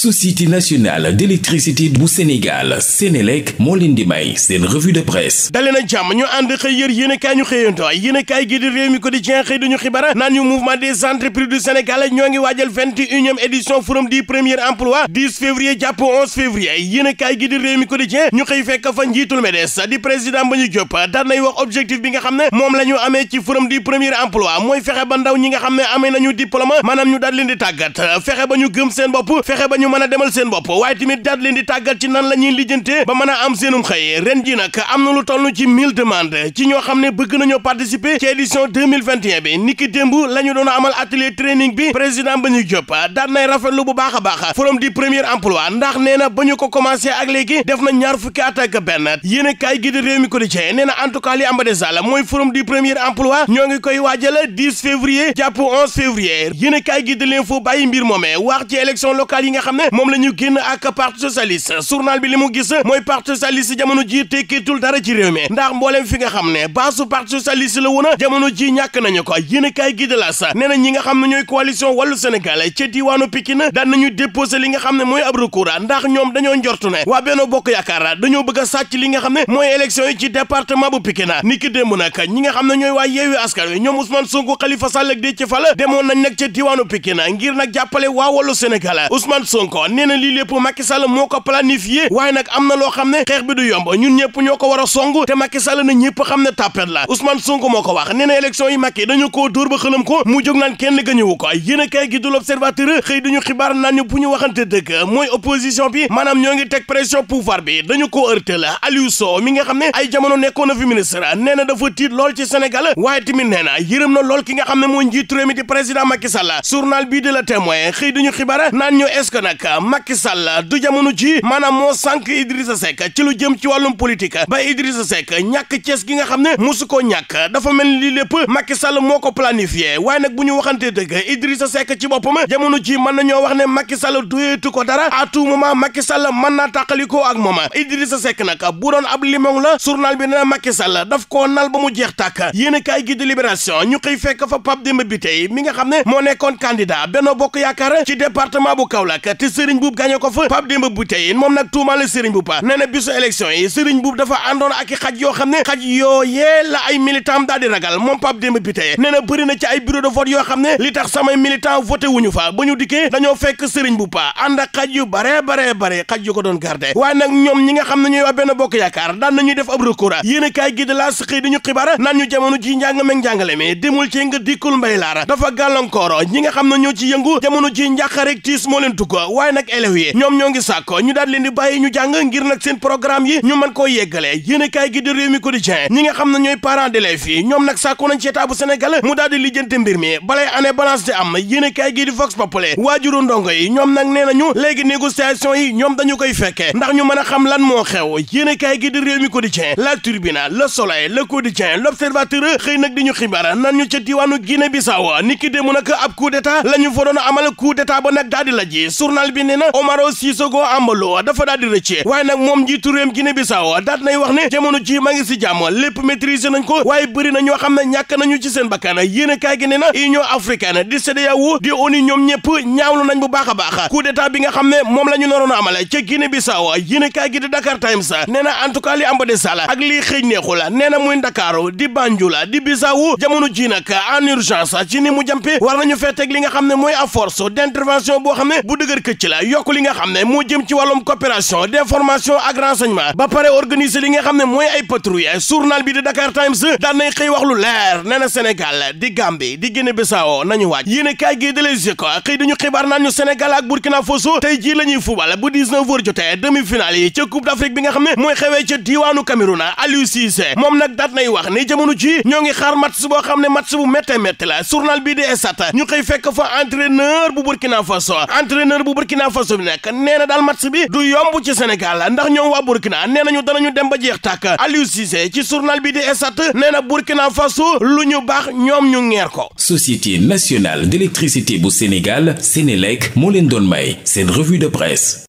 société nationale d'électricité bu Sénégal Sénélec moo leen di may seen revue de presse dale jàmm ñu ànd xëy yër yéenekaay ñu xëyanto yéenekaay gi di réew mi ko di jeex xëy dañu xibaar naan ñu mouvement des entreprises du Sénégal ñoo ngi waajal vingt-et-unième premier emploi février jàpp février yéenekaay gi di réew mi ko di jeex ñu xëy fekk fa njiitul MEDES di président ba ñu Diop daan wax objectif bi nga xam ne moom la ñu amee ci forum du premier emploi mooy fexe ba ndaw ñi nga xam ne amee nañu diplôme maanaam ñu di tàggat fexe ba mën a demal seen bopp waaye tamit daat leen di tàggat ci nan la ñuy lijjante ba mën a am seenum xëy ren ji nag am na lu toll ci mille demandes ci ñoo xam ne bëgg nañoo participer ci édition 2021 bi niki démb la ñu doon amal atelier training bi président Mbagnick Diop daat nay lu bu baax a baax forum du premier emploi ndax nee na ba ko commencé ak léegi def na ñaar fukki at ak benn yéen a kaay gi di réew ko di nee na en tout cas li am ba des mooy forum du premier emploi ñoo ngi koy waajal 10 février jàpp 11 février yéen a kaay gi di l'info bàyyi mbir moomee wax ci élection locale yi nga xam ne moom la ñu génn ak parti socialiste journal bi li mu gis mooy parti socialiste jamono ji tekkitul dara ci réew ndax mbooleem fi nga xam ne baasu parti socialiste la woon a jamono ji ñàkk ko yéen kaay gi de na ñi nga xam ne ñooy coalition wàllu Sénégal ca diwaanu Pikine daan nañu déposé li nga xam ne mooy ab recours ndax ñoom dañoo njortu ne waa Benno Bokk Yaakaar dañoo bëgg a li nga xam ne mooy élection yi ci département bu Pikine ni ki ne ñooy waa Yewwi Askan Wi ñoom Ousmane Sonko Khalifa Sall ak Déthié Fall demoon Sonko nee na lii lépp Macky Sall moo ko planifié waaye nag am na loo xam ne xeex bi du yomb ñun ñëpp ñoo ko war a song te Macky Sall na ñëpp xam ne tàppet la Ousmane Sonko moo ko wax nee na élection yi Macky dañu koo dóor ba xëlam ko mu jóg naan kenn gañëwu ko yéen a gi du l'Observateur xëy duñu xibaar naan ñu bu ñu waxante dëgg mooy opposition bi maanaam ñoo ngi teg pression pouvoir bi dañu koo ërte la Aliou mi nga xam ne ay jamono nekkoon na fi ministre nee na dafa na yërëm na ki nga xam ne moo njiitu réew mi di président Macky Sall journal bii de nag Macky Sall du jamono ji maanaam moo sànq Idrissa Seck ci lu jëm ci wàllum politique ba Idrissa Seck ñàkk Cees gi nga xam ne musu koo ñàkk dafa mel ni lii lépp Macky Sall moo ko planifié waaye nag bu ñu waxantee dëgg Idrissa Seck ci boppam jamono ji mën nañoo wax ne Macky Sall duyeetu ko dara à tout moment Macky Sall mën naa tàqalikoo ak moom Idrissa Seck nag bu doon ab limon la journal bi nee na Macky Sall daf ko nal ba mu jeex tàkk yéen kaay gi de Libération ñu xëy fekk fa Pape Demba mi nga xam ne moo nekkoon candidat Benno Bokk Yaakaar ci département Serigne Boub gagné ko fa Pape Demba Bitèye moom nag tuumaale Serigne Boub ah. nee na bisu élection yi Serigne Boub dafa àndoon ak i xaj yoo xam ne xaj yooyee la ay militant daal di ragal moom Pape Demba Bitèye nee na bëri na ci ay bureau de vote yoo xam ne li tax samay militant voté wuñu fa ba ñu dikkee dañoo fekk Serigne bu pa ah ak xaj yu bare bare bare xaj yu ko doon garde waaye nag ñoom ñi nga xam ne ñooy waa benn bokk yaakaar daan nañuy def ab recours ah. yéen a kaay gi de la ñu jamono ji njàng meeg njàngale mi demul ci nga mbay laara dafa gàllankoor ñi xam ne ñoo ci yëngu jamono ji njàqarek tiis moo leen tugg waaye nag élèves yi ñoom ñoo ngi sàkko ñu daal leen di bàyyi ñu jàng ngir nag seen programme yi ñu mën koo yeggalee yéen kaay gi di réew mi quotidien ñi nga xam ne ñooy parents d'élèves yi ñoom nag sàkko nañ ci état mu daal di lijjanti mbir mi balay année balance di am yéen kaay gi di vox populi waajuru ndongo yi ñoom nag nee ñu léegi négociation yi ñoom dañu koy fekke ndax ñu mën a xam lan moo xew yéen kaay gi di réew mi quotidien la tribune le soleil le quotidien xëy nag di ñu xibaar nan ñu ca diwaanu Guinée Bissau niki dému nag ab coup d'état la ñu fa doon amal coup ba nag daal di la ji journal journal bi nee na Omaro Sissoco Embalo dafa daal di waaye nag moom njiitu réewum Guinée Bissau daat nay wax ne jamono ji ma ngi si jàmm lépp waaye bëri na ñoo xam ne ñàkk nañu ci seen bakkan yéen a kaay gi nee na Union africaine di CEDEAO di ONU ñoom ñëpp ñaawlu nañ bu baax a baax coup d'état bi nga xam ne moom la ñu naroon a amale ca Guinée Bissau yéen a kaay gi di Dakar Times nee na en am ba de sala ak lii ne mooy a ne bu xëcc la yokk li nga xam ne moo jëm ci wàllum coopération d'information ak renseignement ba pare nga xam ne mooy ay patrouille journal bi di Dakar Times daan nay xëy wax lu leer nee na Sénégal di Gambie di Guinée-Bissau nañu waaj yéen kaay gi de Les Échos xëy dañu xibaar naan ñu ak Burkina Faso tey jii la ñuy fubal bu 19 heures jotee yi ca Coupe d'Afrique bi nga xam ne mooy xewee ca diwaanu Cameroun Aliou Cissé moom nag daat nay wax ne match Burkina Faso bi nag nee na daal match bi du yomb ci Sénégal ndax ñoom waa Burkina nee nañu danañu dem ba jeex tàkk Aliou Cissé ci surnal bi di Stades nee na Burkina Faso lu ñu baax ñoom ñu ngeer ko. Société nationale d'électricité bu Sénégal Sénélec moo leen doon may seen revue de presse.